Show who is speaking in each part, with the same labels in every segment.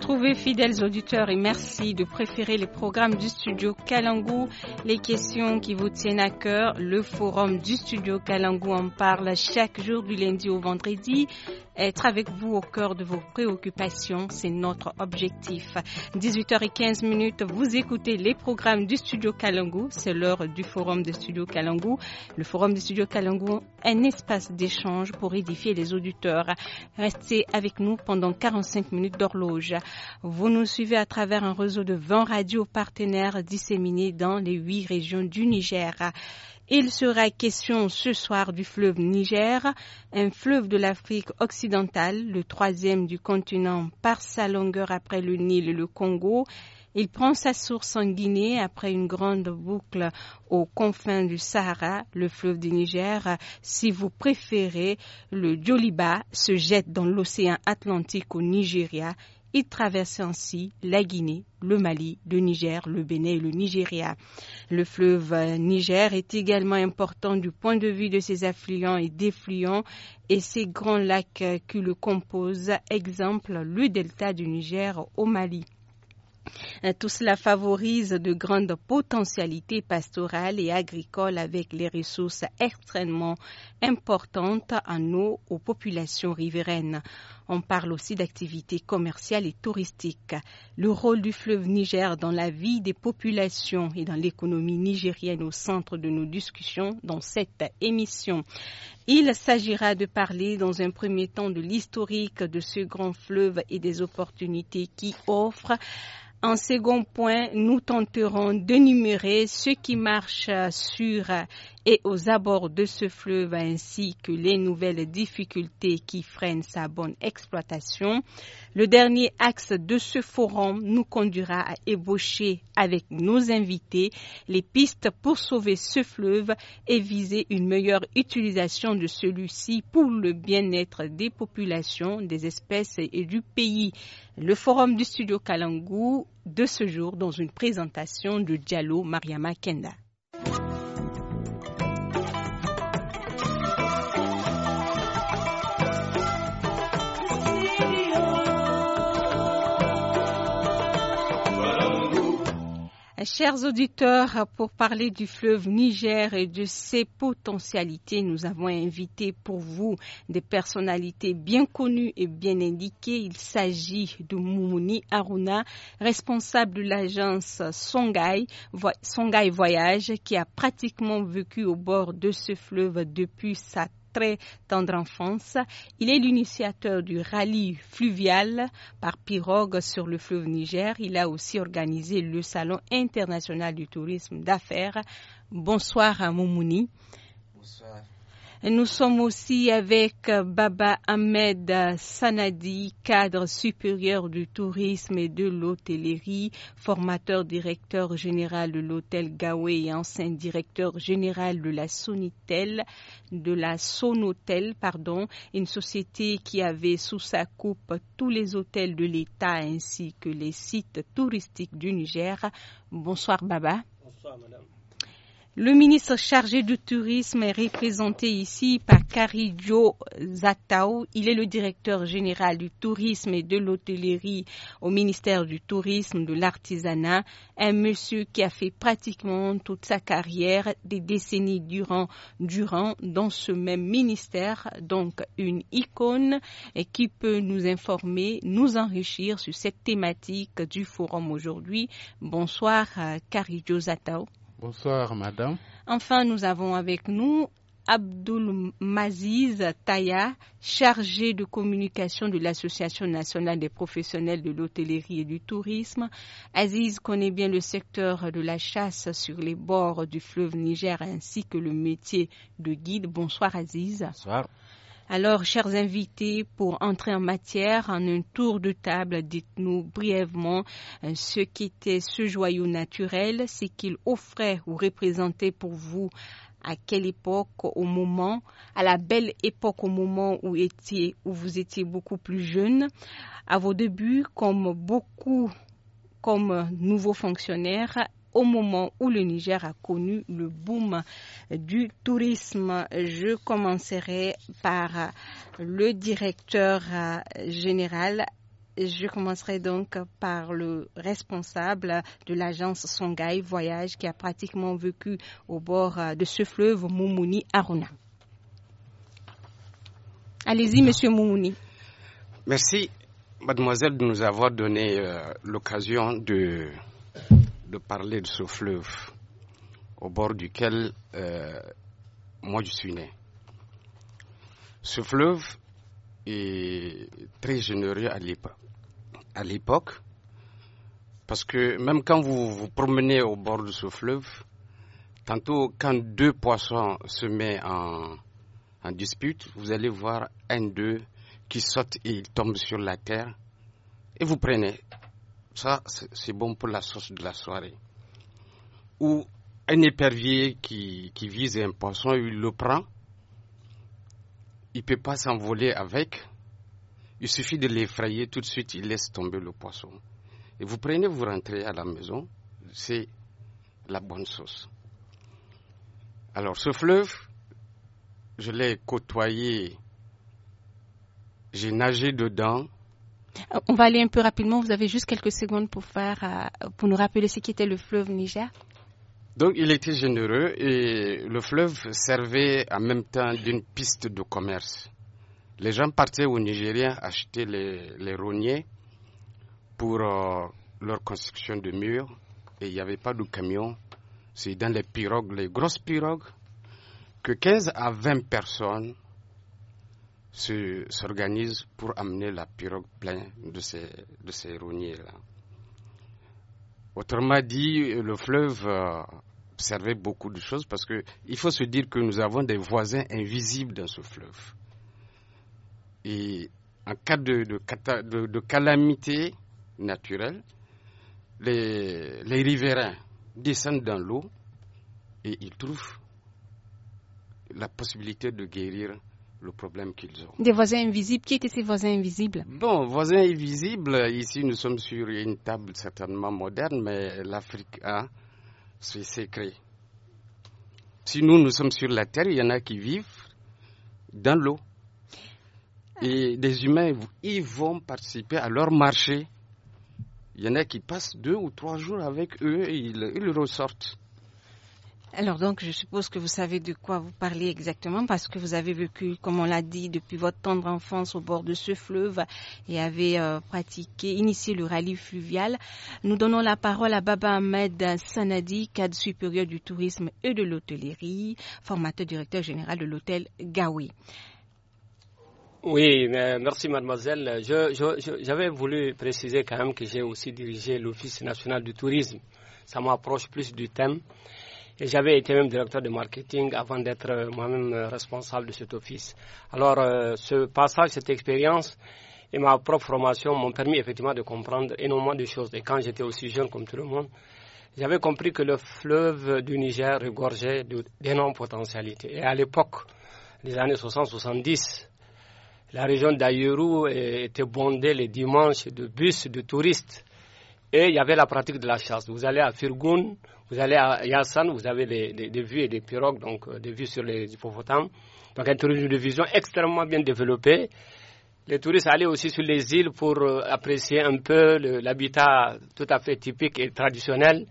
Speaker 1: Trouvez fidèles auditeurs, et merci de préférer les programmes du studio Kalangou, les questions qui vous tiennent à cœur. Le forum du studio Kalangou en parle chaque jour du lundi au vendredi. Être avec vous au cœur de vos préoccupations, c'est notre objectif. 18h15 minutes, vous écoutez les programmes du Studio Kalangu. C'est l'heure du Forum de Studio Kalangu. Le Forum du Studio Kalangu, un espace d'échange pour édifier les auditeurs. Restez avec nous pendant 45 minutes d'horloge. Vous nous suivez à travers un réseau de 20 radios partenaires disséminés dans les 8 régions du Niger. Il sera question ce soir du fleuve Niger, un fleuve de l'Afrique occidentale, le troisième du continent par sa longueur après le Nil et le Congo. Il prend sa source en Guinée après une grande boucle aux confins du Sahara, le fleuve du Niger. Si vous préférez, le Djoliba se jette dans l'océan Atlantique au Nigeria il traverse ainsi la Guinée, le Mali, le Niger, le Bénin et le Nigeria. Le fleuve Niger est également important du point de vue de ses affluents et défluents et ses grands lacs qui le composent, exemple le delta du Niger au Mali. Euh, tout cela favorise de grandes potentialités pastorales et agricoles avec les ressources extrêmement importantes en eau aux populations riveraines. On parle aussi d'activités commerciales et touristiques. Le rôle du fleuve Niger dans la vie des populations et dans l'économie nigérienne au centre de nos discussions dans cette émission. Il s'agira de parler dans un premier temps de l'historique de ce grand fleuve et des opportunités qu'il offre. En second point, nous tenterons d'énumérer ce qui marche sur et aux abords de ce fleuve ainsi que les nouvelles difficultés qui freinent sa bonne exploitation. Le dernier axe de ce forum nous conduira à ébaucher avec nos invités les pistes pour sauver ce fleuve et viser une meilleure utilisation de celui-ci pour le bien-être des populations, des espèces et du pays. Le forum du studio Kalangu de ce jour dans une présentation de Diallo Mariama Kenda. Chers auditeurs, pour parler du fleuve Niger et de ses potentialités, nous avons invité pour vous des personnalités bien connues et bien indiquées. Il s'agit de Moumouni Aruna, responsable de l'agence Songhai, Songhai Voyage, qui a pratiquement vécu au bord de ce fleuve depuis sa très tendre enfance. Il est l'initiateur du rallye fluvial par pirogue sur le fleuve Niger. Il a aussi organisé le Salon international du tourisme d'affaires. Bonsoir à Moumouni. Bonsoir. Nous sommes aussi avec euh, Baba Ahmed euh, Sanadi, cadre supérieur du tourisme et de l'hôtellerie, formateur directeur général de l'hôtel Gawé et ancien directeur général de la Sonitel, de la Sonotel, pardon, une société qui avait sous sa coupe tous les hôtels de l'État ainsi que les sites touristiques du Niger. Bonsoir Baba.
Speaker 2: Bonsoir madame.
Speaker 1: Le ministre chargé du tourisme est représenté ici par Karijo Zatao. Il est le directeur général du tourisme et de l'hôtellerie au ministère du tourisme, de l'artisanat. Un monsieur qui a fait pratiquement toute sa carrière, des décennies durant, durant, dans ce même ministère. Donc, une icône et qui peut nous informer, nous enrichir sur cette thématique du forum aujourd'hui. Bonsoir, Caridio euh, Zatao.
Speaker 3: Bonsoir, madame.
Speaker 1: Enfin, nous avons avec nous Abdul Maziz Taya, chargé de communication de l'Association nationale des professionnels de l'hôtellerie et du tourisme. Aziz connaît bien le secteur de la chasse sur les bords du fleuve Niger ainsi que le métier de guide. Bonsoir Aziz. Bonsoir. Alors, chers invités, pour entrer en matière, en un tour de table, dites-nous brièvement euh, ce qu'était ce joyau naturel, ce qu'il offrait ou représentait pour vous à quelle époque, au moment, à la belle époque, au moment où, étiez, où vous étiez beaucoup plus jeune, à vos débuts, comme beaucoup, comme nouveaux fonctionnaires, au moment où le Niger a connu le boom du tourisme. Je commencerai par le directeur général je commencerai donc par le responsable de l'agence Songhai Voyage qui a pratiquement vécu au bord de ce fleuve, Moumouni Aruna. Allez-y, monsieur Moumouni.
Speaker 4: Merci, mademoiselle, de nous avoir donné euh, l'occasion de de parler de ce fleuve au bord duquel euh, moi je suis né. Ce fleuve est très généreux à l'époque, parce que même quand vous vous promenez au bord de ce fleuve, tantôt quand deux poissons se mettent en, en dispute, vous allez voir un d'eux qui saute et il tombe sur la terre, et vous prenez ça c'est bon pour la sauce de la soirée. Ou un épervier qui, vise un poisson, il le prend, il ne peut pas s'envoler avec, il suffit de l'effrayer tout de suite, il laisse tomber le poisson. Et vous prenez, vous rentrez à la maison, c'est la bonne sauce. Alors ce fleuve, je l'ai côtoyé, j'ai nagé dedans,
Speaker 1: on va aller un peu rapidement. Vous avez juste quelques secondes pour faire, euh, pour nous rappeler ce qu'était le fleuve Niger.
Speaker 4: Donc il était généreux et le fleuve servait en même temps d'une piste de commerce. Les gens partaient au Nigériens acheter les, les rogniers pour euh, leur construction de murs et il n'y avait pas de camion. C'est dans les pirogues, les grosses pirogues, que 15 à 20 personnes s'organisent pour amener la pirogue pleine de ces, de ces là Autrement dit, le fleuve euh, servait beaucoup de choses parce qu'il faut se dire que nous avons des voisins invisibles dans ce fleuve. Et en cas de, de, de calamité naturelle, les, les riverains descendent dans l'eau et ils trouvent la possibilité de guérir le problème qu'ils ont.
Speaker 1: Des voisins invisibles Qui étaient ces voisins invisibles
Speaker 4: Bon, voisins invisibles, ici nous sommes sur une table certainement moderne, mais l'Afrique a ses secrets. Si nous, nous sommes sur la terre, il y en a qui vivent dans l'eau. Ah. Et des humains, ils vont participer à leur marché. Il y en a qui passent deux ou trois jours avec eux et ils, ils ressortent.
Speaker 1: Alors donc, je suppose que vous savez de quoi vous parlez exactement parce que vous avez vécu, comme on l'a dit, depuis votre tendre enfance au bord de ce fleuve et avez euh, pratiqué, initié le rallye fluvial. Nous donnons la parole à Baba Ahmed Sanadi, cadre supérieur du tourisme et de l'hôtellerie, formateur directeur général de l'hôtel Gawi.
Speaker 5: Oui, merci mademoiselle. J'avais je, voulu préciser quand même que j'ai aussi dirigé l'Office national du tourisme. Ça m'approche plus du thème. Et j'avais été même directeur de marketing avant d'être euh, moi-même euh, responsable de cet office. Alors, euh, ce passage, cette expérience et ma propre formation m'ont permis effectivement de comprendre énormément de choses. Et quand j'étais aussi jeune comme tout le monde, j'avais compris que le fleuve du Niger regorgeait d'énormes potentialités. Et à l'époque, des années 60-70, la région d'Ayuru était bondée les dimanches de bus de touristes et il y avait la pratique de la chasse. Vous allez à Firgun, vous allez à Yassan, vous avez des, des, vues et des pirogues, donc euh, des vues sur les hippopotames. Donc un tourisme de vision extrêmement bien développé. Les touristes allaient aussi sur les îles pour euh, apprécier un peu l'habitat tout à fait typique et traditionnel.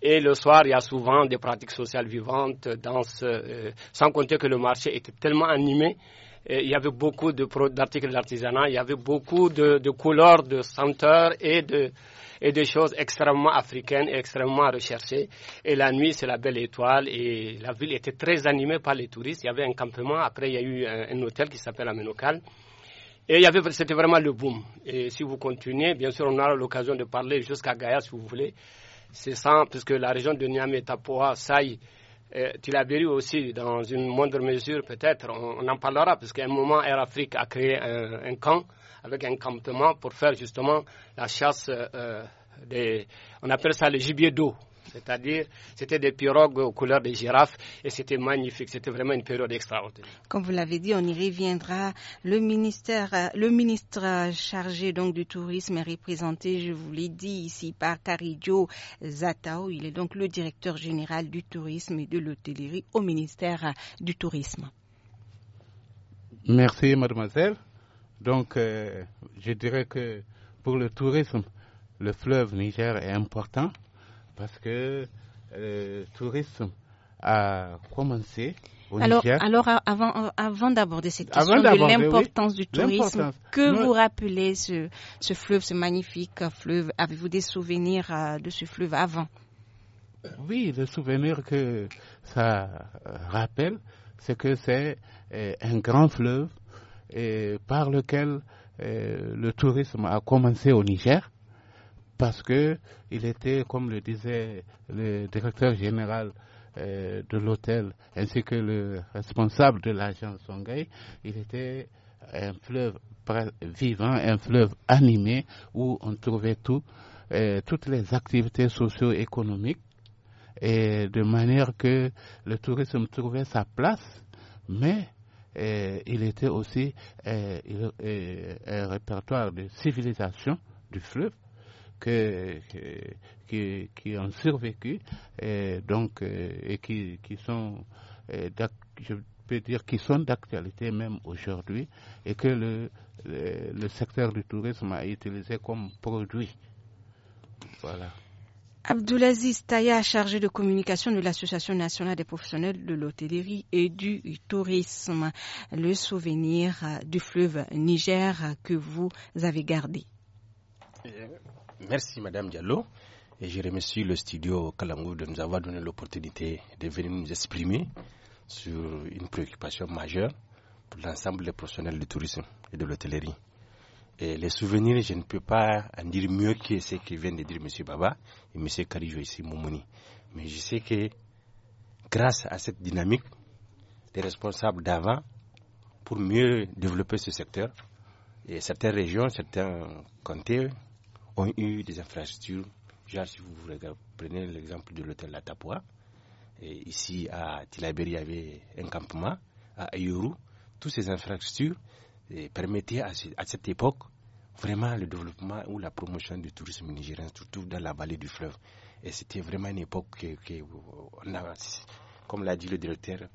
Speaker 5: Et le soir, il y a souvent des pratiques sociales vivantes, danse, euh, sans compter que le marché était tellement animé. il y avait beaucoup d'articles d'artisanat, il y avait beaucoup de, de couleurs, de senteurs et de, et des choses extrêmement africaines et extrêmement recherchées. Et la nuit, c'est la belle étoile et la ville était très animée par les touristes. Il y avait un campement, après il y a eu un, hôtel qui s'appelle Amenokal. Et il y avait, c'était vraiment le boom. Et si vous continuez, bien sûr, on aura l'occasion de parler jusqu'à Gaïa si vous voulez. C'est ça, puisque la région de Niamey, Tapoa, Saï, euh, tu l'as vu aussi dans une moindre mesure peut-être, on, en parlera, parce qu'à un moment Air Afrique a créé un, un, camp avec un campement pour faire justement la chasse euh, euh, des, on appelle ça le gibier d'eau. C'est-à-dire, c'était des pirogues aux couleurs des girafes et c'était magnifique. C'était vraiment une période extraordinaire.
Speaker 1: Comme vous l'avez dit, on y reviendra. Le ministère, euh, le ministre euh, chargé donc du tourisme est représenté, je vous l'ai dit ici, par Caridjo Zatao. Il est donc le directeur général du tourisme et de l'hôtellerie au ministère euh, du tourisme.
Speaker 3: Merci, mademoiselle. Donc, je dirais que pour le tourisme, le fleuve Niger est important parce que le euh, tourisme a commencé au Niger.
Speaker 1: Alors, avant, euh, avant d'aborder cette question de l'importance du tourisme, que vous rappelez ce, ce, fleuve, ce magnifique euh, fleuve Avez-vous des souvenirs de ce fleuve avant
Speaker 3: Oui, le souvenir que ça rappelle, c'est que c'est un grand fleuve et par lequel le tourisme a commencé au Niger parce que il était, comme le disait le directeur général euh, de l'hôtel, ainsi que le responsable de l'agence Songay, il était un fleuve vivant, un fleuve animé où on trouvait tout, euh, toutes les activités socio-économiques de manière que le tourisme trouvait sa place, mais euh, il était aussi un répertoire de civilisation du fleuve qui, ont survécu et, donc, euh, et qui, qui sont, euh, je peux dire, qui sont d'actualité même aujourd'hui et que le, le, secteur du tourisme a utilisé comme produit. Voilà.
Speaker 1: Abdoulaziz Taya, chargé de communication de l'Association nationale des professionnels de l'hôtellerie et du tourisme, le souvenir du fleuve Niger que vous avez gardé.
Speaker 6: Merci Madame Diallo. Et je remercie le studio Kalangou de nous avoir donné l'opportunité de venir nous exprimer sur une préoccupation majeure pour l'ensemble des professionnels du tourisme et de l'hôtellerie. Et les souvenirs, je ne peux pas en dire mieux que ce que vient de dire M. Baba et M. Karijo ici, Momoni. Mais je sais que grâce à cette dynamique, les responsables d'avant, pour mieux développer ce secteur, et certaines régions, certains comtés ont eu des infrastructures. Genre, si vous prenez l'exemple de l'hôtel La Tapua, ici à Tilaberi, il y avait un campement, à Ayuru. Toutes ces infrastructures eh, permettaient à, cette époque vraiment le développement ou la promotion du tourisme nigérien, surtout dans la vallée du fleuve. Et c'était vraiment une époque que, comme l'a dit le directeur,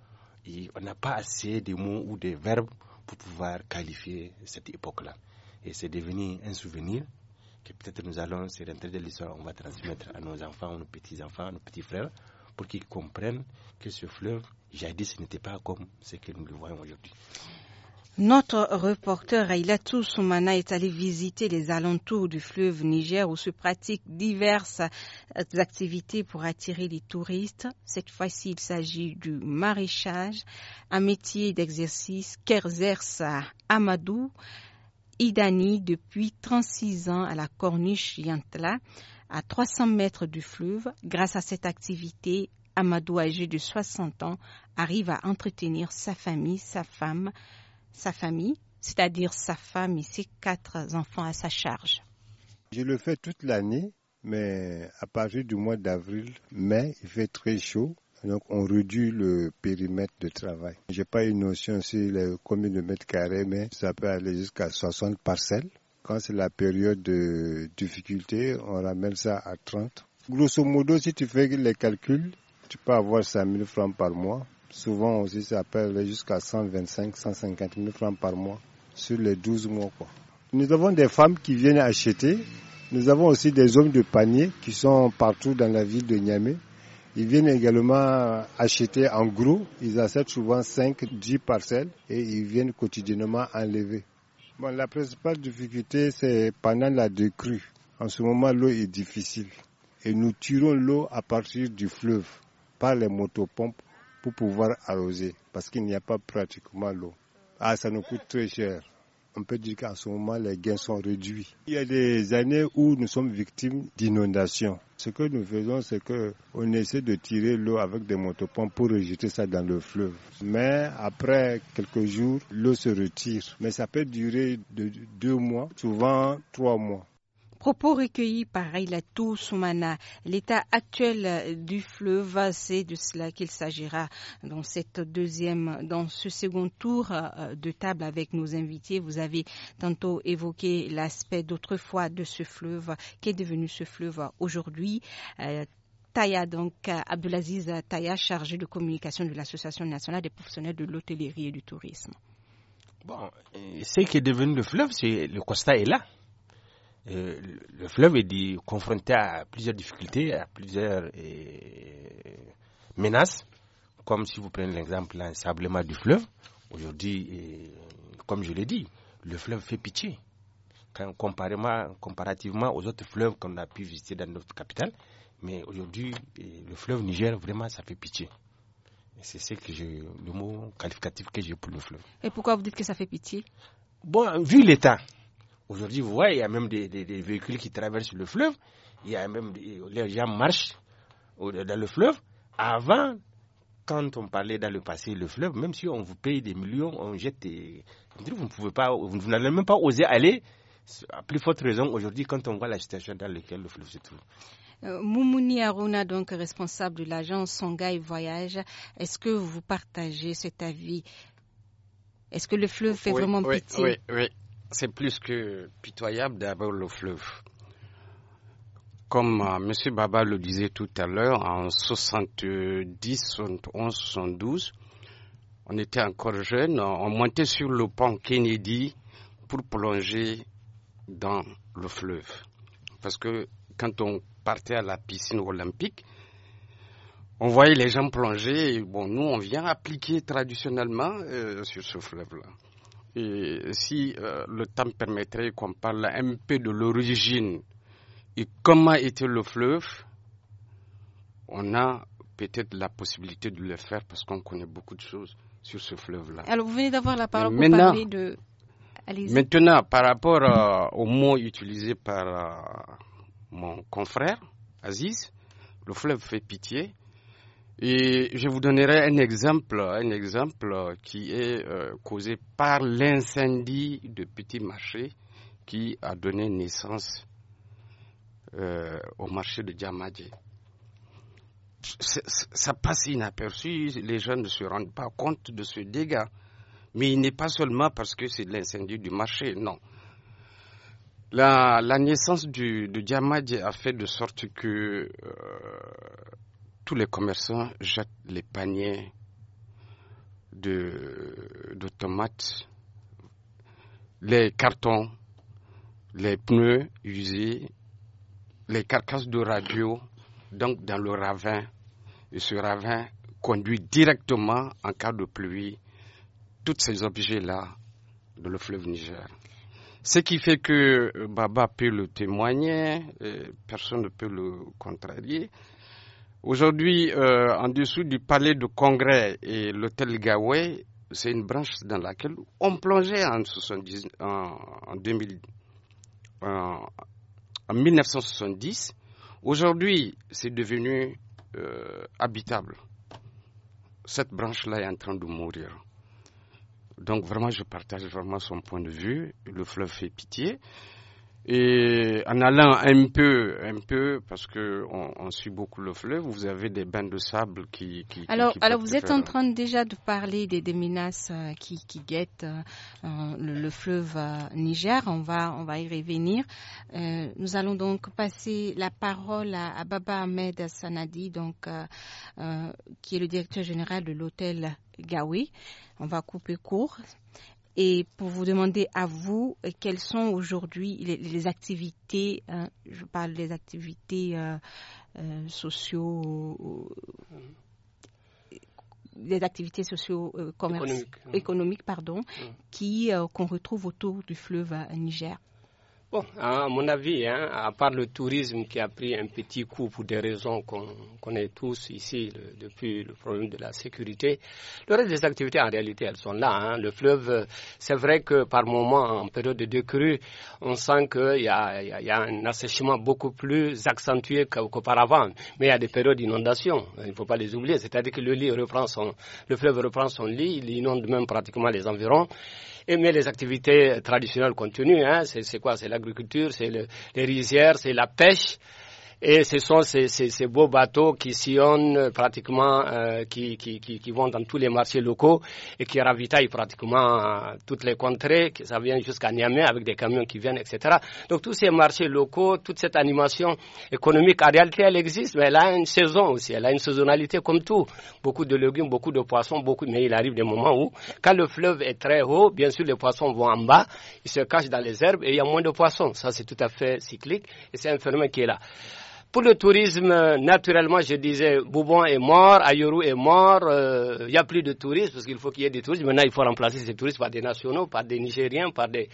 Speaker 6: on n'a pas assez de mots ou de verbes pour pouvoir qualifier cette époque-là. Et c'est devenu un souvenir peut-être nous allons se rentrer de l'histoire, on va transmettre à nos enfants, nos petits-enfants, à nos petits frères, pour qu'ils comprennent que ce fleuve, jadis, n'était pas comme ce que nous le voyons aujourd'hui.
Speaker 1: Notre reporter Aïla Soumana est allé visiter les alentours du fleuve Niger où se pratiquent diverses activités pour attirer les touristes. Cette fois-ci, il s'agit du maraîchage, un métier d'exercice qu'exerce Amadou, Idani depuis 36 ans à la corniche Yantla, à 300 mètres du fleuve. Grâce à cette activité, Amadou, âgé de 60 ans, arrive à entretenir sa famille, sa femme, sa famille, c'est-à-dire sa femme et ses quatre enfants à sa charge.
Speaker 7: Je le fais toute l'année, mais à partir du mois d'avril, mai, il fait très chaud. Donc on réduit le périmètre de travail. J'ai pas une notion sur les communes de mètres carrés, mais ça peut aller jusqu'à 60 parcelles. Quand c'est la période de difficulté, on ramène ça à 30. Grosso modo, si tu fais les calculs, tu peux avoir 5 000 francs par mois. Souvent aussi, ça peut aller jusqu'à 125, 150 000 francs par mois sur les 12 mois. Quoi. Nous avons des femmes qui viennent acheter. Nous avons aussi des hommes de panier qui sont partout dans la ville de Niamey ils viennent également acheter en gros. Ils achètent souvent 5, 10 parcelles et ils viennent quotidiennement enlever. Bon, la principale difficulté, c'est pendant la décrue. En ce moment, l'eau est difficile. Et nous tirons l'eau à partir du fleuve par les motopompes pour pouvoir arroser parce qu'il n'y a pas pratiquement l'eau. Ah, ça nous coûte très cher on peut dire qu'à ce moment, les gains sont réduits. Il y a des années où nous sommes victimes d'inondations. Ce que nous faisons, c'est qu'on essaie de tirer l'eau avec des motopompes pour rejeter ça dans le fleuve. Mais après quelques jours, l'eau se retire. Mais ça peut durer de deux mois, souvent trois mois.
Speaker 1: Propos recueillis par Ailatou Soumana. L'état actuel du fleuve, c'est de cela qu'il s'agira dans cette deuxième, dans ce second tour euh, de table avec nos invités. Vous avez tantôt évoqué l'aspect d'autrefois de ce fleuve, qu'est devenu ce fleuve aujourd'hui. Euh, Taya, donc Abdelaziz Taya, chargé de communication de l'Association nationale des professionnels de l'hôtellerie et du tourisme.
Speaker 6: Bon, ce qui est devenu le fleuve, c'est le constat est là. Euh, le fleuve est confronté à plusieurs difficultés, à plusieurs euh, menaces. Comme si vous prenez l'exemple sablement du fleuve, aujourd'hui, euh, comme je l'ai dit, le fleuve fait pitié. comparément, comparativement aux autres fleuves qu'on a pu visiter dans notre capitale, mais aujourd'hui, le fleuve Niger, vraiment, ça fait pitié. C'est ce que le mot qualificatif que j'ai pour le fleuve.
Speaker 1: Et pourquoi vous dites que ça fait pitié
Speaker 6: Bon, vu l'état, Aujourd'hui, vous voyez, il y a même des, véhicules qui traversent le fleuve. Il y a même des, les gens marchent dans le fleuve. Avant, quand on parlait dans le passé le fleuve, même si on vous paye des millions, on jette des... Vous ne pouvez pas, vous n'allez même pas oser aller. À plus forte raison aujourd'hui quand on voit la situation dans laquelle le fleuve se trouve.
Speaker 1: Euh, Moumouni Aruna, donc responsable de l'agence Songaï Voyage, est-ce que vous partagez cet avis Est-ce que le fleuve fait vraiment oui, pitié Oui,
Speaker 4: oui c'est plus que pitoyable d'avoir le fleuve. Comme euh, M. Baba le disait tout à l'heure, en 70, 71, 72, on était encore jeunes, on montait sur le pont Kennedy pour plonger dans le fleuve. Parce que quand on partait à la piscine olympique, on voyait les gens plonger. Et bon, nous, on vient appliquer traditionnellement euh, sur ce fleuve-là et si euh, le temps permettrait qu'on parle un peu de l'origine et comment était le fleuve, on a peut-être la possibilité de le faire parce qu'on connaît beaucoup de choses sur ce fleuve-là. Alors, vous venez d'avoir la parole pour parler de. Maintenant, par rapport euh, au mot utilisé par euh, mon confrère, Aziz, le fleuve fait pitié. Et je vous donnerai un exemple, un exemple qui est euh, causé par l'incendie de Petit Marché qui a donné naissance euh, au marché de Djamadji. Ça passe inaperçu, les gens ne se rendent pas compte de ce dégât. Mais il n'est pas seulement parce que c'est l'incendie du marché, non. La, naissance du, de Djamadji a fait de sorte que euh, tous les commerçants jettent les paniers de, tomates, les cartons, les pneus usés, les carcasses de radio, donc dans le ravin. Et ce ravin conduit directement, en cas de pluie, tous ces objets-là dans le fleuve Niger. Ce qui fait que euh, Baba peut le témoigner, euh, personne ne peut le contrarier. Aujourd'hui, euh, en dessous du palais de congrès et l'hôtel Gaway, c'est une branche dans laquelle on plongeait en, 70, en, en, 2000, en, en 1970. Aujourd'hui, c'est devenu euh, habitable. Cette branche-là est en train de mourir. Donc vraiment, je partage vraiment son point de vue. Le fleuve fait pitié. Et en allant un peu, un peu, parce que on, on suit beaucoup le fleuve, vous avez des bains de sable qui. qui alors, alors vous êtes en
Speaker 1: train déjà de parler des, des menaces euh, qui, qui guettent euh, le, fleuve euh, Niger. On va, on va y revenir. Euh, nous allons donc passer la parole à, à Baba Ahmed Sanadi, donc euh, qui est le directeur général de l'hôtel Gawi. On va couper court et pour vous demander à vous euh, quelles sont aujourd'hui les, activités, hein, je parle des activités euh, euh, sociaux, des activités socio hein. économiques, pardon, hein. qui qu'on retrouve autour du fleuve Niger.
Speaker 5: Bon, à mon avis, hein, à part le tourisme qui a pris un petit coup pour des raisons qu'on connaît tous ici depuis le problème de la sécurité, le reste des activités en réalité elles sont là. Hein. Le fleuve, c'est vrai que par moment, en période de crue, on sent qu'il y, y, a un assèchement beaucoup plus accentué qu'auparavant. Mais il y a des périodes d'inondation, il ne faut pas les oublier. C'est-à-dire que le, lit reprend son, le fleuve reprend son lit, il inonde même pratiquement les environs. Et mais les activités traditionnelles continuent. Hein. C'est quoi C'est l'agriculture, c'est les rizières, c'est la pêche. Et ce sont ces, ces, ces beaux bateaux qui sillonnent euh, pratiquement, euh, qui, qui, qui, vont dans tous les marchés locaux et qui ravitaillent pratiquement euh, toutes les contrées. Ça vient jusqu'à Niamey avec des camions qui viennent, etc. Donc tous ces marchés locaux, toute cette animation économique, en réalité, elle existe, mais elle a une saison aussi. Elle a une saisonnalité comme tout. Beaucoup de légumes, beaucoup de poissons, beaucoup. Mais il arrive des moments où, quand le fleuve est très haut, bien sûr, les poissons vont en bas, ils se cachent dans les herbes et il y a moins de poissons. Ça, c'est tout à fait cyclique et c'est un phénomène qui est là. Pour le tourisme, naturellement, je disais, Boubon est mort, Ayoru est mort, euh, il euh, n'y a plus de touristes parce qu'il faut qu'il y ait des touristes. Maintenant, il faut remplacer ces touristes par des nationaux, par des Nigériens, par des,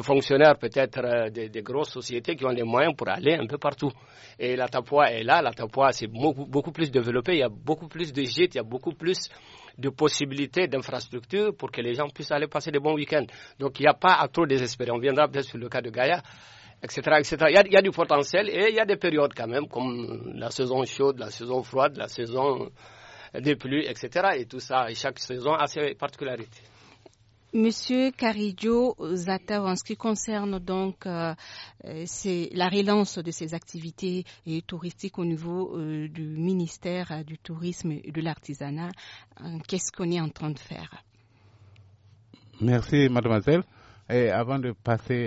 Speaker 5: fonctionnaires peut-être euh, des, grosses sociétés qui ont les moyens pour aller un peu partout. Et la Tapua est là, la Tapua c'est beaucoup, plus développé, il y a beaucoup plus de gîtes, il y a beaucoup plus de possibilités d'infrastructures pour que les gens puissent aller passer des bons week-ends. Donc il n'y a pas à trop désespérer. On viendra peut-être sur le cas de Gaïa etc. etc. Il, y a, du potentiel et il y a des périodes quand même, comme la saison chaude, la saison froide, la saison des pluies, etc. Et tout ça, et chaque saison a ses particularités.
Speaker 1: Monsieur Caridio Zatao, en ce qui concerne donc euh, la relance de ces activités touristiques au niveau euh, du ministère du Tourisme et de l'Artisanat, euh, qu'est-ce qu'on est en train de faire
Speaker 3: Merci, mademoiselle avant de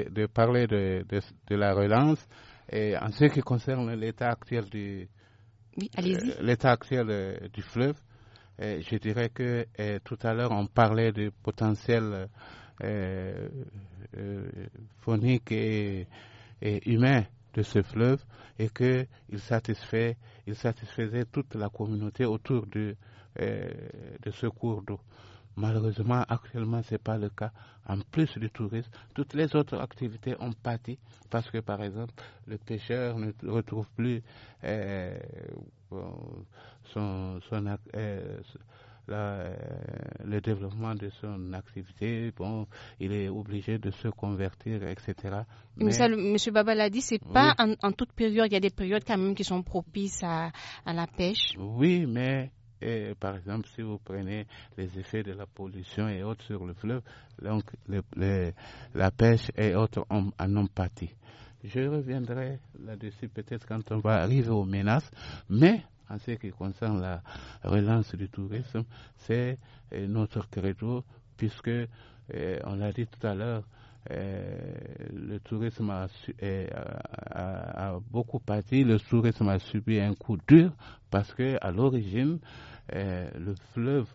Speaker 3: de parler de, la relance, en ce qui concerne l'état actuel du, euh, l'état actuel euh, du fleuve, je dirais que euh, tout à l'heure on parlait du potentiel phonique et, humain de ce fleuve et qu'il satisfait, il satisfaisait toute la communauté autour de ce cours d'eau. Malheureusement, actuellement, ce n'est pas le cas. En plus du tourisme, toutes les autres activités ont pâti parce que, par exemple, le pêcheur ne retrouve plus euh, euh, son, son euh, le développement de son activité, bon, il est obligé de se convertir, etc.
Speaker 1: Mais, ça, M. Baba l'a dit, c'est n'est pas en, en, toute période. Il y a des périodes quand même qui sont propices à, à la pêche.
Speaker 3: Oui, mais et par exemple, si vous prenez les effets de la pollution et autres sur le fleuve, donc la pêche et autres en, ont pâti. Je reviendrai là-dessus peut-être quand on va arriver aux menaces, mais en ce qui concerne la relance du tourisme, c'est euh, notre credo, puisque, euh, on l'a dit tout à l'heure, euh, le tourisme a, euh, beaucoup parti, le tourisme a subi un coup dur parce que à l'origine, euh, le fleuve,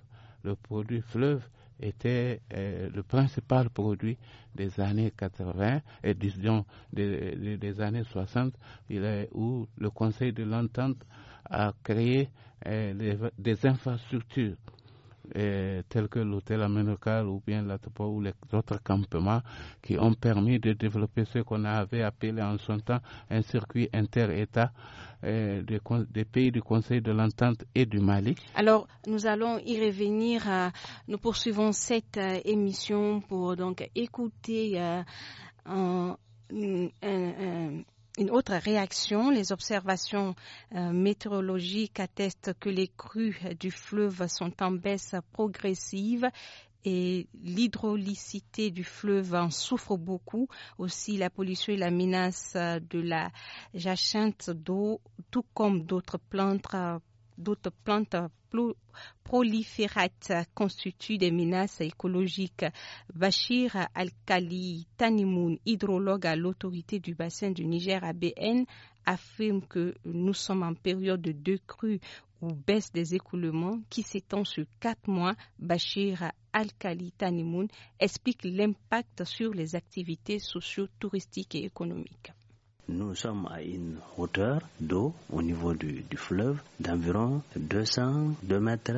Speaker 3: le produit fleuve était le principal produit des années 80 et disons des, années 60, où le Conseil de l'entente a créé des infrastructures tels que l'hôtel Amenokal ou bien la ou les autres campements qui ont permis de développer ce qu'on avait appelé en son temps un circuit inter-État euh, des, pays du Conseil de l'Entente et du Mali.
Speaker 1: Alors, nous allons y revenir. Euh, nous poursuivons cette euh, émission pour donc écouter un une autre réaction, les observations euh, météorologiques attestent que les crues du fleuve sont en baisse progressive et l'hydraulicité du fleuve en souffre beaucoup. Aussi, la pollution et la menace de la jachinte d'eau, tout comme d'autres plantes euh, d'autres plantes proliférates constituent des menaces écologiques. Bachir Al-Khali Tanimoun, hydrologue à l'autorité du bassin du Niger ABN, affirme que nous sommes en période de deux ou baisse des écoulements qui s'étend sur quatre mois, Bachir Al-Khali Tanimoun explique l'impact sur les activités socio-touristiques et économiques.
Speaker 2: Nous sommes à une hauteur d'eau au niveau du, fleuve d'environ 202 mètres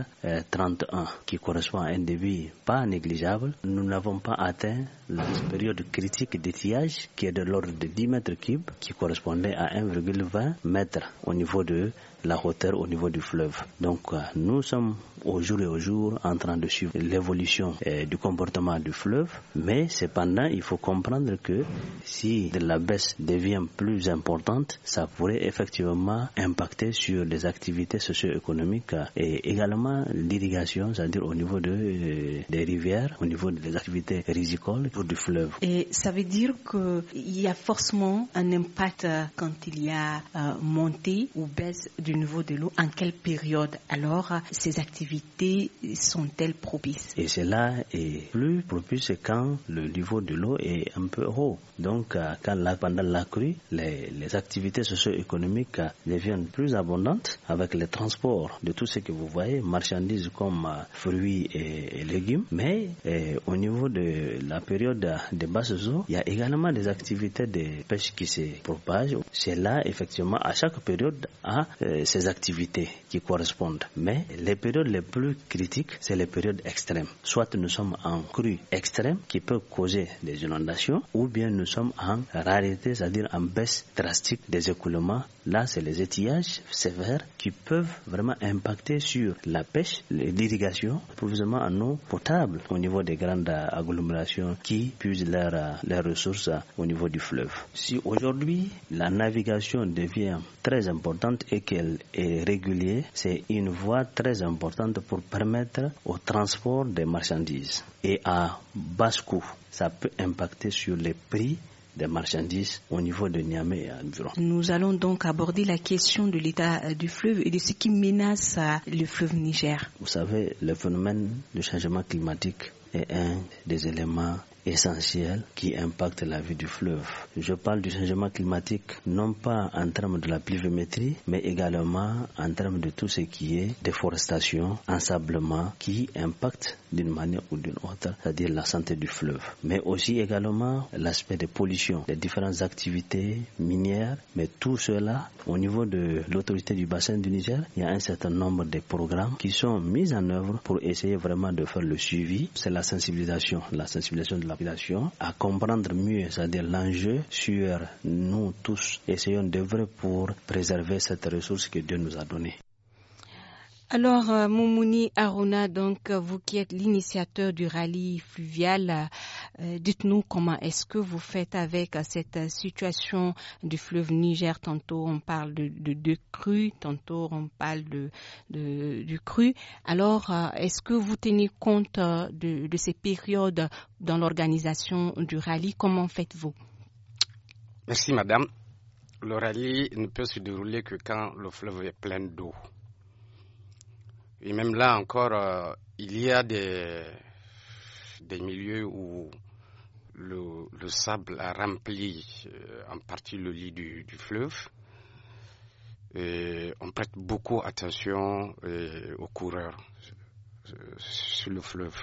Speaker 2: 31, euh, qui correspond à un débit pas négligeable. Nous n'avons pas atteint la période critique d'étiage qui est de l'ordre de 10 mètres cubes, qui correspondait à 1,20 mètres au niveau de la hauteur au niveau du fleuve. Donc euh, nous sommes au jour et au jour en train de suivre l'évolution euh, du comportement du fleuve, mais cependant il faut comprendre que si la baisse devient plus importante, ça pourrait effectivement impacter sur les activités socio-économiques euh, et également l'irrigation, c'est-à-dire au niveau de, des rivières, au niveau des activités risicoles pour du fleuve.
Speaker 1: Et ça veut dire qu'il y a forcément un impact quand il y a montée ou baisse du du niveau de l'eau, en quelle période alors ces activités sont-elles propices Et cela
Speaker 2: est plus propice quand le niveau de l'eau est un peu haut. Donc euh, quand la, pendant la crue, les, activités socio-économiques deviennent plus abondantes avec les transports de tout ce que vous voyez, marchandises comme euh, fruits et, légumes. Mais euh, au niveau de la période des basses eaux, il y a également des activités de pêche qui se propagent. C'est là, effectivement, à chaque période, à euh, ces activités qui correspondent. Mais les périodes les plus critiques, c'est les périodes extrêmes. Soit nous sommes en crue extrême qui peut causer des inondations, ou bien nous sommes en rareté, c'est-à-dire en baisse drastique des écoulements. Là, c'est les étillages sévères qui peuvent vraiment impacter sur la pêche, l'irrigation, l'approvisionnement en eau potable au niveau des grandes agglomérations qui puisent leurs ressources au niveau du fleuve. Si aujourd'hui la navigation devient très importante et qu'elle et régulier, c'est une voie très importante pour permettre au transport des marchandises et à basse coût. Ça peut impacter sur les prix des marchandises au niveau de Niamey et
Speaker 1: Nous allons donc aborder la question de l'état euh, du fleuve et de ce qui menace euh, le fleuve Niger.
Speaker 2: Vous savez, le phénomène du changement climatique est un des éléments essentiels qui impacte la vie du fleuve. Je parle du changement climatique non pas en termes de la pluviométrie, mais également en termes de tout ce qui est déforestation, ensablement, qui impacte d'une manière ou d'une autre, c'est-à-dire la santé du fleuve. Mais aussi également l'aspect des pollutions, des différentes activités minières, mais tout cela, au niveau de l'autorité du bassin du Niger, il y a un certain nombre de programmes qui sont mis en œuvre pour essayer vraiment de faire le suivi. C'est la sensibilisation, la sensibilisation de la population à comprendre mieux, c'est-à-dire l'enjeu sur nous tous, essayons d'œuvrer pour préserver cette ressource que Dieu nous a donnée.
Speaker 1: Alors, euh, Moumouni Aruna, donc, euh, vous qui êtes l'initiateur du rallye fluvial, euh, dites-nous comment est-ce que vous faites avec cette situation du fleuve Niger. Tantôt, on parle de, de, cru, tantôt, on parle de, du cru. Alors, est-ce que vous tenez compte de, de ces périodes dans l'organisation du rallye Comment faites-vous
Speaker 4: Merci, madame. Le rallye ne peut se dérouler que quand le fleuve est plein d'eau. Et même là encore, euh, il y a des, des milieux où le, sable a rempli euh, en partie le lit du, fleuve. Et on prête beaucoup attention euh, aux coureurs sur le fleuve.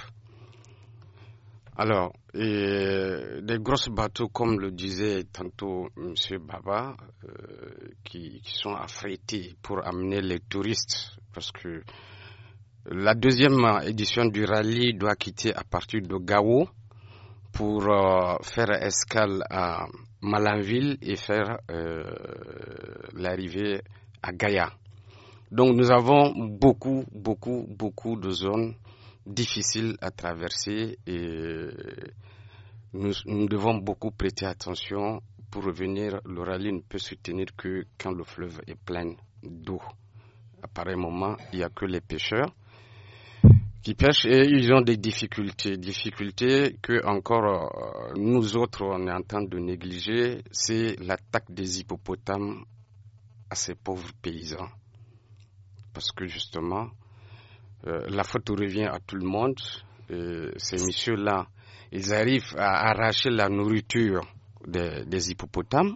Speaker 4: Alors, des grosses bateaux, comme le disait tantôt M. Baba, qui, qui, sont affrétés pour amener les touristes, parce que la deuxième édition du rallye doit quitter à partir de Gao pour euh, faire escale à Malanville et faire euh, l'arrivée à Gaïa. Donc nous avons beaucoup, beaucoup, beaucoup de zones difficiles à traverser et nous, nous devons beaucoup prêter attention pour revenir. Le rallye ne peut se tenir que quand le fleuve est plein d'eau. À pareil moment, il n'y a que les pêcheurs qui pêchent et ils ont des difficultés, difficultés que encore euh, nous autres on est en train de négliger, c'est l'attaque des hippopotames à ces pauvres paysans. Parce que justement, euh, la faute revient à tout le monde. ces messieurs-là, ils arrivent à arracher la nourriture des, hippopotames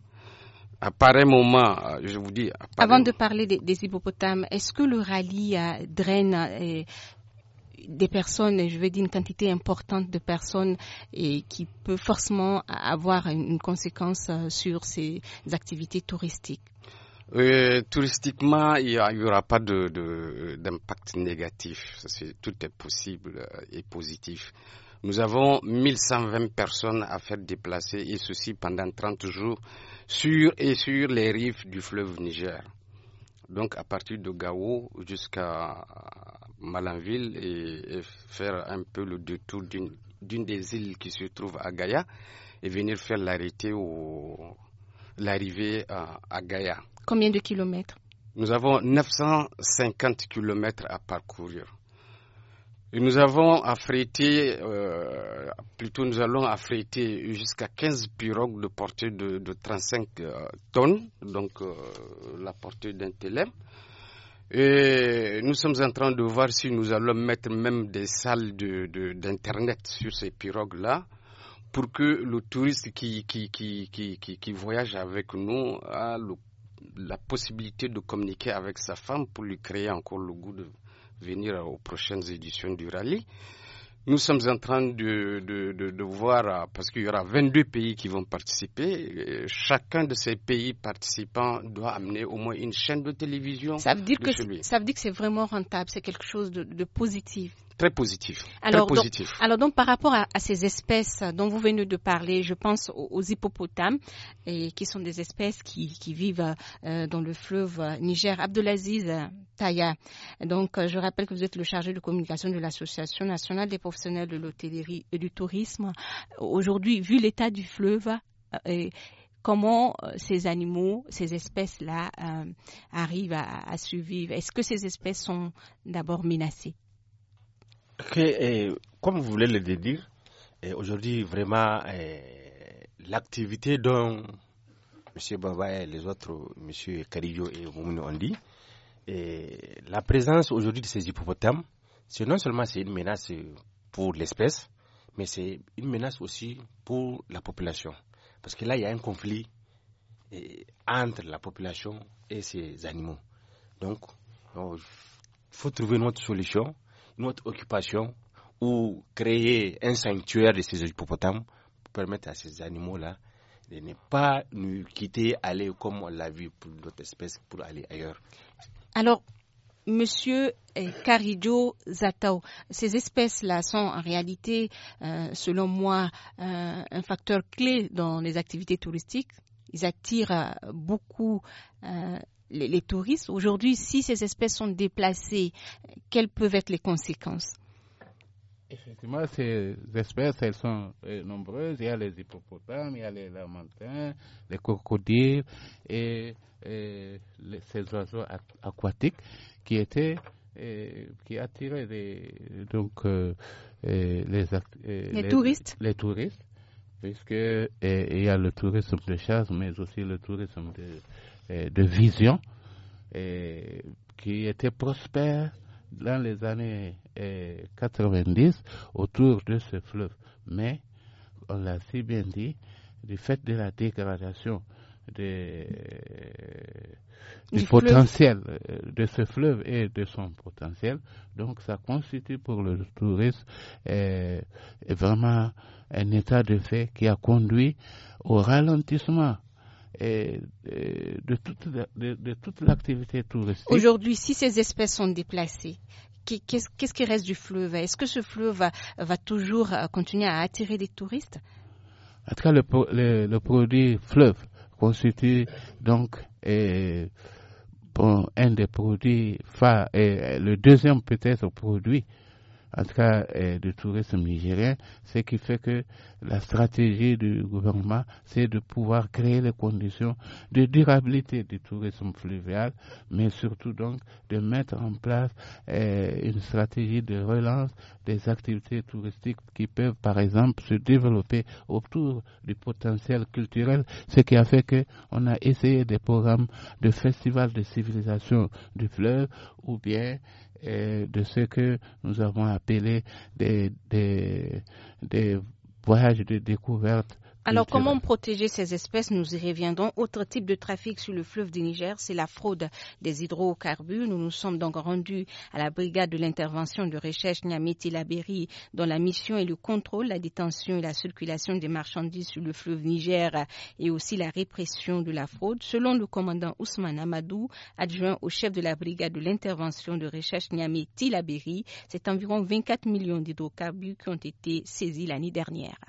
Speaker 4: à pareil moment, je vous dis.
Speaker 1: Avant de parler des, hippopotames, est-ce que le rallye euh, draine des personnes, je veux dire une quantité importante de personnes et qui peut forcément avoir une conséquence euh, sur ces activités touristiques.
Speaker 4: Euh, touristiquement, il n'y aura pas d'impact négatif. tout est possible euh, et positif. Nous avons 1120 personnes à faire déplacer, et ceci pendant 30 jours, sur et sur les rives du fleuve Niger. Donc à partir de Gao jusqu'à Malanville et, faire un peu le détour d'une des îles qui se trouve à Gaïa et venir faire l'arrêté l'arrivée à, Gaïa.
Speaker 1: Combien de kilomètres
Speaker 4: Nous avons 950 kilomètres à parcourir. Et nous avons affrété, euh, plutôt nous allons affréter jusqu'à 15 pirogues de portée de, 35 euh, tonnes, donc euh, la portée d'un télème. Et nous sommes en train de voir si nous allons mettre même des salles d'Internet de, sur ces pirogues-là pour que le touriste qui, voyage avec nous a la possibilité de communiquer avec sa femme pour lui créer encore le goût de venir aux prochaines éditions du rallye. Nous sommes en train de, de, de, voir, euh, parce qu'il y aura 22 pays qui vont participer, euh, chacun de ces pays participants doit amener au moins une chaîne
Speaker 1: de télévision. Ça veut
Speaker 4: dire, que, ça
Speaker 1: veut dire que c'est vraiment rentable, c'est quelque chose de positif très positif. Alors, très positif. alors donc par rapport à, ces espèces dont vous venez de parler, je pense aux, hippopotames, et qui sont des espèces qui, vivent euh, dans le fleuve Niger. Abdelaziz Taya, donc euh, je rappelle que vous êtes le chargé de communication de l'Association nationale des professionnels de l'hôtellerie et du tourisme. Aujourd'hui, vu l'état du fleuve, euh, comment ces animaux, ces espèces-là arrivent à, à survivre Est-ce que ces espèces sont d'abord menacées
Speaker 6: que, eh, comme vous voulez le dire, eh, aujourd'hui, vraiment, eh, l'activité dont M. Baba et les autres, M. Carillo et Moumouni ont dit, la présence aujourd'hui de ces hippopotames, c'est non seulement c'est une menace pour l'espèce, mais c'est une menace aussi pour la population. Parce que là, il y a un conflit entre la population et ces animaux. Donc, oh, il faut trouver une autre solution notre occupation ou créer un sanctuaire de ces hippopotames pour permettre à ces animaux-là de ne pas nous quitter, aller comme on l'a vu pour d'autres espèces, pour aller
Speaker 1: ailleurs. Alors, Monsieur Karidjo eh, Zatao, ces espèces-là sont en réalité, euh, selon moi, euh, un facteur clé dans les activités touristiques. Ils attirent beaucoup euh, les, touristes. Aujourd'hui, si ces espèces sont déplacées, quelles peuvent être les conséquences
Speaker 3: Effectivement, ces espèces, elles sont euh, nombreuses. Il y a les hippopotames, il y a les lamantins, les crocodiles et, ces oiseaux aquatiques qui étaient euh, qui attiraient les, donc euh, les, les, touristes. Les touristes, il y a le tourisme de chasse, mais aussi le tourisme de de vision qui était prospère dans les années 90 eh, autour de ce fleuve. Mais, on l'a si bien dit, du fait de la dégradation eh,
Speaker 8: du, potentiel
Speaker 3: eh, de ce fleuve et de son potentiel. Donc ça constitue pour le tourisme vraiment un état de fait qui a conduit au ralentissement et de toute, l'activité touristique. Aujourd'hui,
Speaker 1: si ces espèces sont déplacées, qu'est-ce qui reste du fleuve Est-ce que ce fleuve va, toujours euh, continuer à attirer des touristes
Speaker 3: En tout cas, le, produit fleuve constitue donc un des produits phares et le deuxième peut-être produit en tout cas euh, du tourisme nigérien, ce qui fait que la stratégie du gouvernement, c'est de pouvoir créer les conditions de durabilité du tourisme fluvial, mais surtout donc de mettre en place euh, une stratégie de relance des activités touristiques qui peuvent par exemple se développer autour du potentiel culturel, ce qui a fait que on a essayé des programmes de festivals de civilisation du fleuve ou bien et de ce que nous avons appelé des, des, des voyages de découverte alors, comment
Speaker 1: protéger ces espèces Nous y reviendrons. Autre type de trafic sur le fleuve du Niger, c'est la fraude des hydrocarbures. Nous nous sommes donc rendus à la brigade de l'intervention de recherche Niamey-Tilaberi, dont la mission est le contrôle, la détention et la circulation des marchandises sur le fleuve Niger et aussi la répression de la fraude. Selon le commandant Ousmane Amadou, adjoint au chef de la brigade de l'intervention de recherche Niamey-Tilaberi, c'est environ 24 millions d'hydrocarbures qui ont été saisis l'année dernière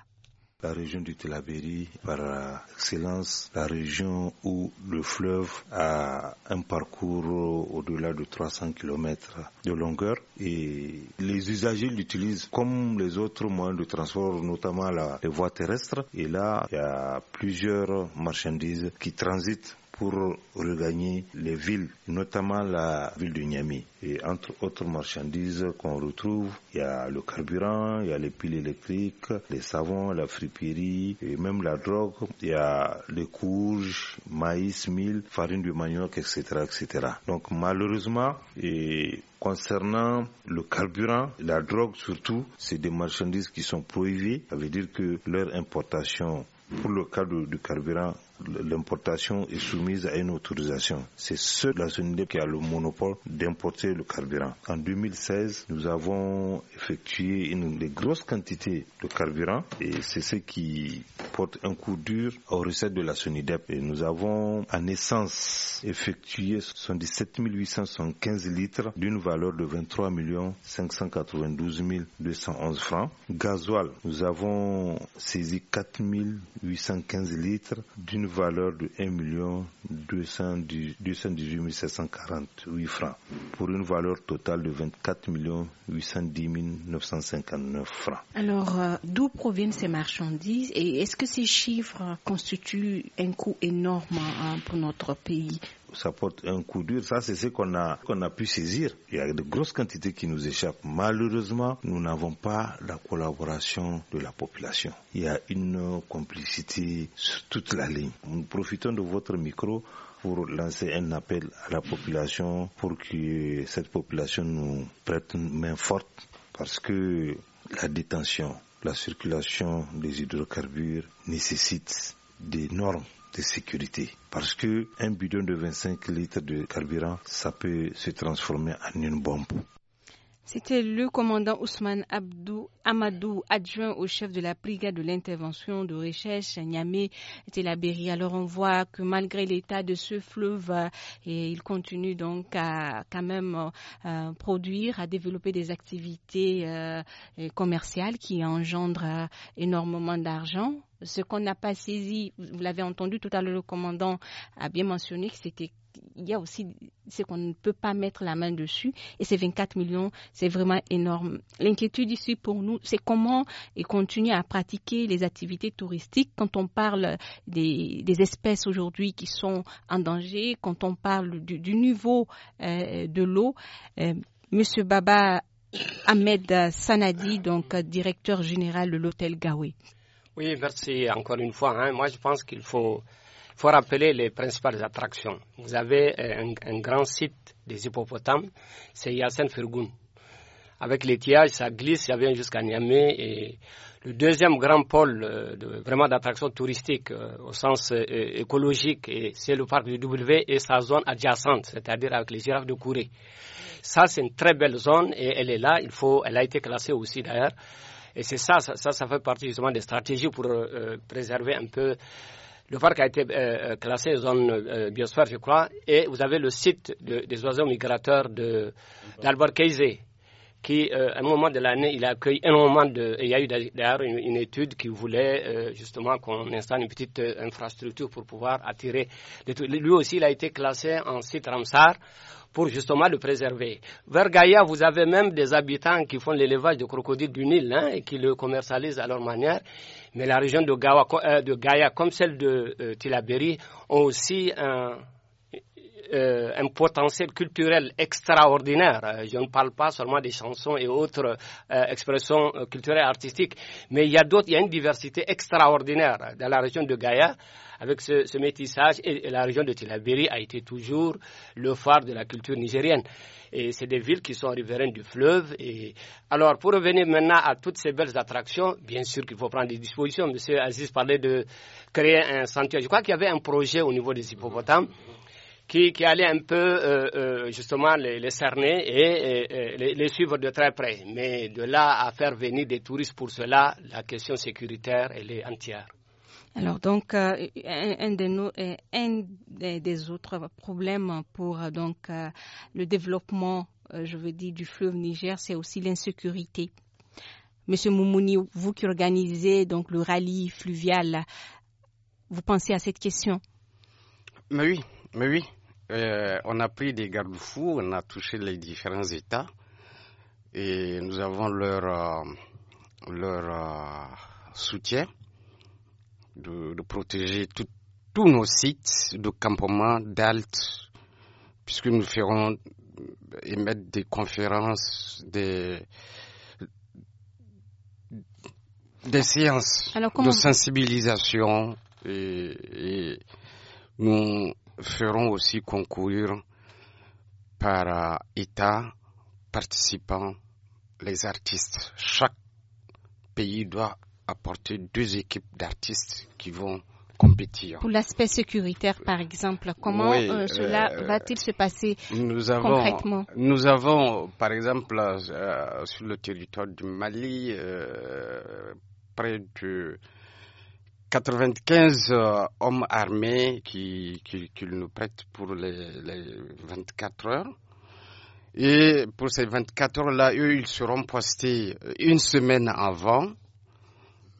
Speaker 8: la région du Telabéry, par excellence, la région où le fleuve a un parcours au-delà de 300 km de longueur et les usagers l'utilisent comme les autres moyens de transport, notamment la, les voies terrestres. Et là, il y a plusieurs marchandises qui transitent pour regagner les villes, notamment la ville de Niamey. Et entre autres marchandises qu'on retrouve, il y a le carburant, il y a les piles électriques, les savons, la friperie, et même la drogue, il y a les courges, maïs, mil, farine de manioc, etc., etc. Donc malheureusement, et Concernant le carburant, la drogue surtout, c'est des marchandises qui sont prohibées. Ça veut dire que leur importation pour le cadre du carburant l'importation est soumise à une autorisation. C'est seule la qui a le monopole d'importer le carburant. En 2016, nous avons effectué une, une grosse quantité de carburant et c'est ce qui porte un coup dur aux recettes de la SONIDEP. Et nous avons à essence effectué 77 815 litres d'une valeur de 23 592 211 francs. Gasoil, nous avons saisi 4 815 litres d'une valeur de 1 218 748 francs pour une valeur totale de 24 810 959 francs.
Speaker 1: Alors, euh, d'où proviennent ces marchandises et est-ce que ces chiffres constituent un coût énorme hein, pour notre pays
Speaker 8: ça porte un coup dur. Ça, c'est ce qu'on a, qu'on a pu saisir. Il y a de grosses quantités qui nous échappent. Malheureusement, nous n'avons pas la collaboration de la population. Il y a une complicité sur toute la ligne. Nous profitons de votre micro pour lancer un appel à la population pour que cette population nous prête une main forte parce que la détention, la circulation des hydrocarbures nécessite des normes de sécurité. Parce que un bidon de 25 litres de carburant, ça peut se transformer en une bombe.
Speaker 1: C'était le commandant Ousmane Abdou Amadou, adjoint au chef de la brigade de l'intervention de recherche à Niamey, Télabéry. Alors on voit que malgré l'état de ce fleuve, euh, et il continue donc à quand même euh, produire, à développer des activités euh, commerciales qui engendrent énormément d'argent ce qu'on n'a pas saisi, vous l'avez entendu tout à l'heure, le commandant a bien mentionné que c'était il y a aussi ce qu'on ne peut pas mettre la main dessus. Et ces 24 millions, c'est vraiment énorme. L'inquiétude ici pour nous, c'est comment et continuer à pratiquer les activités touristiques quand on parle des, espèces aujourd'hui qui sont en danger, quand on parle du, niveau euh, de l'eau. Euh, Monsieur Baba Ahmed Sanadi, donc directeur général de l'hôtel Gawé.
Speaker 5: Oui, merci encore une fois. Hein. Moi, je pense qu'il faut faut rappeler les principales attractions. Vous avez euh, un, grand site des hippopotames, c'est Yassine furgoun Avec l'étiage, ça glisse, ça vient jusqu'à Niamey. Et le deuxième grand pôle euh, de, vraiment d'attraction touristique euh, au sens écologique écologique, c'est le parc du W et sa zone adjacente, c'est-à-dire avec les girafes de Kouré. Ça, c'est une très belle zone et elle est là. Il faut, elle a été classée aussi d'ailleurs. Et c'est ça, ça, ça, fait partie justement des stratégies pour préserver un peu le parc a été euh, classé zone euh, biosphère, je crois, et vous avez le site des oiseaux migrateurs de Keizé qui, euh, à un moment de l'année, il accueille énormément de. Il y a eu d'ailleurs une, étude qui voulait euh, justement qu'on installe une petite euh, infrastructure pour pouvoir attirer. Lui aussi, il a été classé en site Ramsar pour justement le préserver. Vers Gaïa, vous avez même des habitants qui font l'élevage de crocodiles du Nil hein, et qui le commercialisent à leur manière. Mais la région de, Gaïa, comme celle de Tilaberi, ont aussi un euh, un potentiel culturel extraordinaire. Euh, je ne parle pas seulement des chansons et autres euh, expressions culturelles artistiques, mais il y a d'autres, il y a une diversité extraordinaire dans la région de Gaïa avec ce, métissage et, la région de Tilaberi a été toujours le phare de la culture nigérienne. Et c'est des villes qui sont riveraines du fleuve. Et alors, pour revenir maintenant à toutes ces belles attractions, bien sûr qu'il faut prendre des dispositions. Monsieur Aziz parlait de créer un sanctuaire. Je crois qu'il y avait un projet au niveau des hippopotames qui, allait un peu euh, euh, justement les, cerner et, les, suivre de très près. Mais de là à faire venir des touristes pour cela, la question sécuritaire, elle est entière.
Speaker 1: Alors donc, euh, un, des autres problèmes pour le développement, je veux dire, du fleuve Niger, c'est aussi l'insécurité. Monsieur Moumouni, vous qui organisez donc le rallye fluvial, vous pensez à cette question
Speaker 4: Mais oui, mais oui. Euh, on a pris des garde-fous, on a touché les différents États et nous avons leur, euh, leur euh, soutien de, protéger tous nos sites de campement, d'altes, puisque nous ferons émettre des conférences, des, des séances de sensibilisation et nous, feront aussi concourir par euh, État participant les artistes. Chaque pays doit apporter deux équipes d'artistes qui vont compétir. Pour
Speaker 1: l'aspect sécuritaire, par exemple, comment euh, cela euh, va-t-il se passer nous avons, concrètement
Speaker 4: Nous avons, par exemple, sur le territoire du Mali, près de 95 euh, hommes armés qui, nous prêtent pour les, 24 heures. Et pour ces 24 heures-là, eux, ils seront postés une semaine avant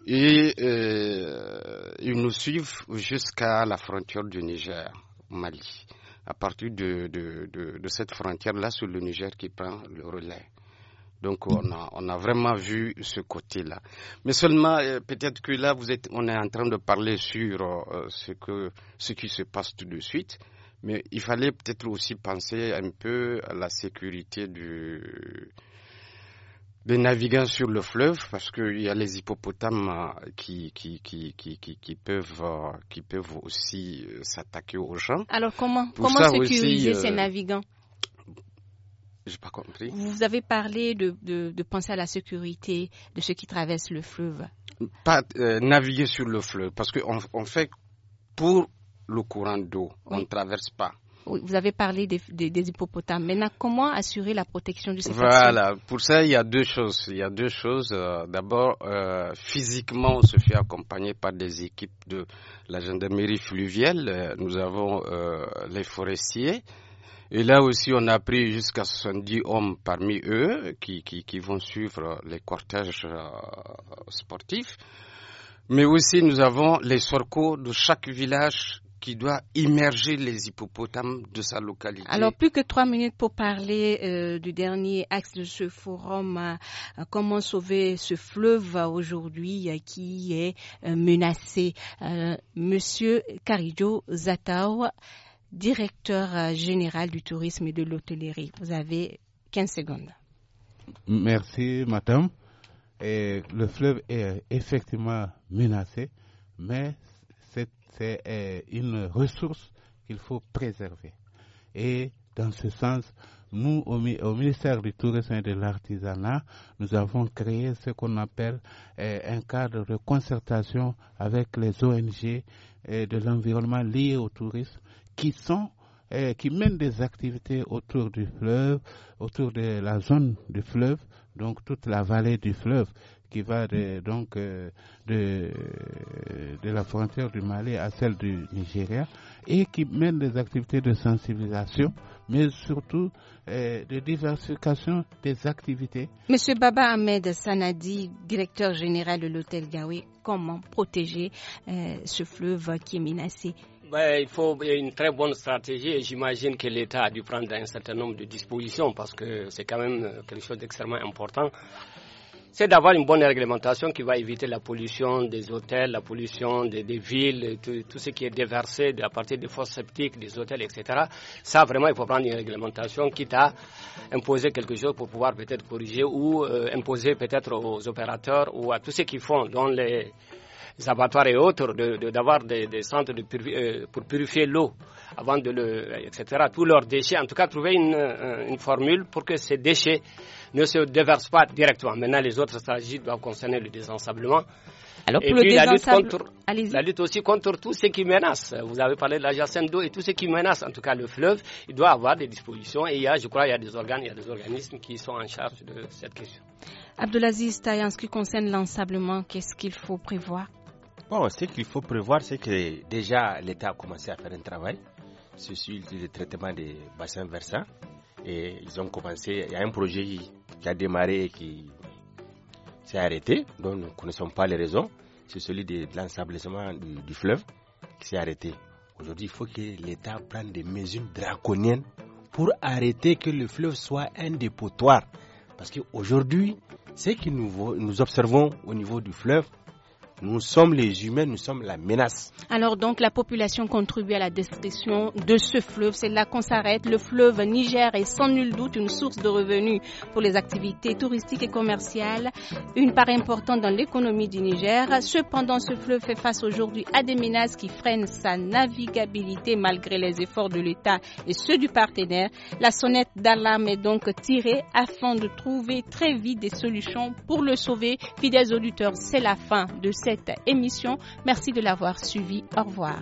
Speaker 4: et euh, ils nous suivent jusqu'à la frontière du Niger, au Mali. À partir de, de cette frontière-là, c'est le Niger qui prend le relais. Donc on a, vraiment vu ce côté-là. Mais seulement, euh, peut-être que là, vous êtes, on est en train de parler sur euh, ce, qui se passe tout de suite. Mais il fallait peut-être aussi penser un peu à la sécurité des navigants sur le fleuve, parce qu'il y a les hippopotames euh, qui, peuvent, aussi s'attaquer aux gens.
Speaker 1: Alors comment, comment sécuriser ces navigants pas compris. Vous avez parlé de, penser à la sécurité de ceux qui traversent le fleuve.
Speaker 4: Pas euh, naviguer sur le fleuve, parce qu'on fait pour le courant d'eau, on ne traverse pas.
Speaker 1: vous avez parlé des, hippopotames. Maintenant, comment assurer la protection du secteur Voilà,
Speaker 4: pour ça, il y a deux choses. Il y a deux choses. Euh, d'abord, euh, physiquement, on se fait accompagner par des équipes de la gendarmerie fluviale. Nous avons les forestiers et là aussi, on a pris jusqu'à 70 hommes parmi eux qui, qui, qui vont suivre les cortèges euh, sportifs. Mais aussi, nous avons les sorcos de chaque village qui doit immerger les hippopotames de sa localité. Alors,
Speaker 1: plus que trois minutes pour parler euh, du dernier axe de ce forum, euh, comment sauver ce fleuve aujourd'hui qui est menacé. Monsieur Karijo Zatao, directeur euh, général du tourisme et de l'hôtellerie. Vous avez 15 secondes.
Speaker 3: Merci, madame. le fleuve est effectivement menacé, mais c'est euh, une ressource qu'il faut préserver. Et dans ce sens, nous, au, ministère du Tourisme et de l'Artisanat, nous avons créé ce qu'on appelle euh, un cadre de concertation avec les ONG de l'environnement lié au tourisme qui sont euh, mènent des activités autour du fleuve, autour de la zone du fleuve, donc toute la vallée du fleuve qui va de, donc euh, de, la frontière du Mali à celle du Nigeria et qui mènent des activités de sensibilisation, mais surtout euh, de diversification des activités.
Speaker 1: Monsieur Baba Ahmed Sanadi, directeur général de l'hôtel Gawi, comment protéger ce fleuve qui est menacé
Speaker 5: ben, il faut une très bonne stratégie et j'imagine que l'État a dû prendre un certain nombre de dispositions parce que c'est quand même euh, quelque chose d'extrêmement important. C'est d'avoir une bonne réglementation qui va éviter la pollution des hôtels, la pollution des, villes, tout, ce qui est déversé à partir des forces sceptiques des hôtels, etc. Ça, vraiment, il faut prendre une réglementation quitte à imposer quelque chose pour pouvoir peut-être corriger ou euh, imposer peut-être aux opérateurs ou à tous ceux qui font dans les les abattoirs et autres, d'avoir de, des, centres euh, pour purifier l'eau avant de le, euh, etc. Tous leurs déchets, en tout cas, trouver euh, une, formule pour que ces déchets ne se déversent pas directement. Maintenant, les autres stratégies doivent concerner le désensablement.
Speaker 1: Alors, pour la, lutte
Speaker 5: la lutte aussi contre tout ce qui menace. Vous avez parlé de la jacente d'eau et tout ce qui menace, en tout cas le fleuve, il doit avoir des dispositions. Et il y a, je crois, il y a des organes, il y a des organismes qui sont en charge de cette question.
Speaker 1: Abdelaziz Taï, en ce qui concerne l'ensablement, qu'est-ce qu'il faut prévoir
Speaker 6: Bon, ce qu'il faut prévoir, c'est que déjà l'État a commencé à faire un travail sur le traitement des bassins versants. Et ils ont commencé, il y a un projet qui a démarré et qui s'est arrêté, dont nous ne connaissons pas les raisons. C'est celui de, l'ensablissement du, fleuve qui s'est arrêté. Aujourd'hui, il faut que l'État prenne des mesures draconiennes pour arrêter que le fleuve soit un dépotoir. Parce qu'aujourd'hui, ce que nous observons au niveau du fleuve, nous sommes les humains, nous sommes la menace.
Speaker 1: Alors donc la population contribue à la destruction de ce fleuve. C'est là qu'on s'arrête. Le fleuve Niger est sans nul doute une source de revenus pour les activités touristiques et commerciales, une part importante dans l'économie du Niger. Cependant, ce fleuve fait face aujourd'hui à des menaces qui freinent sa navigabilité malgré les efforts de l'État et ceux du partenaire. La sonnette d'alarme est donc tirée afin de trouver très vite des solutions pour le sauver. Fidèles auditeurs, c'est la fin de cette cette émission. Merci de l'avoir suivi. Au revoir.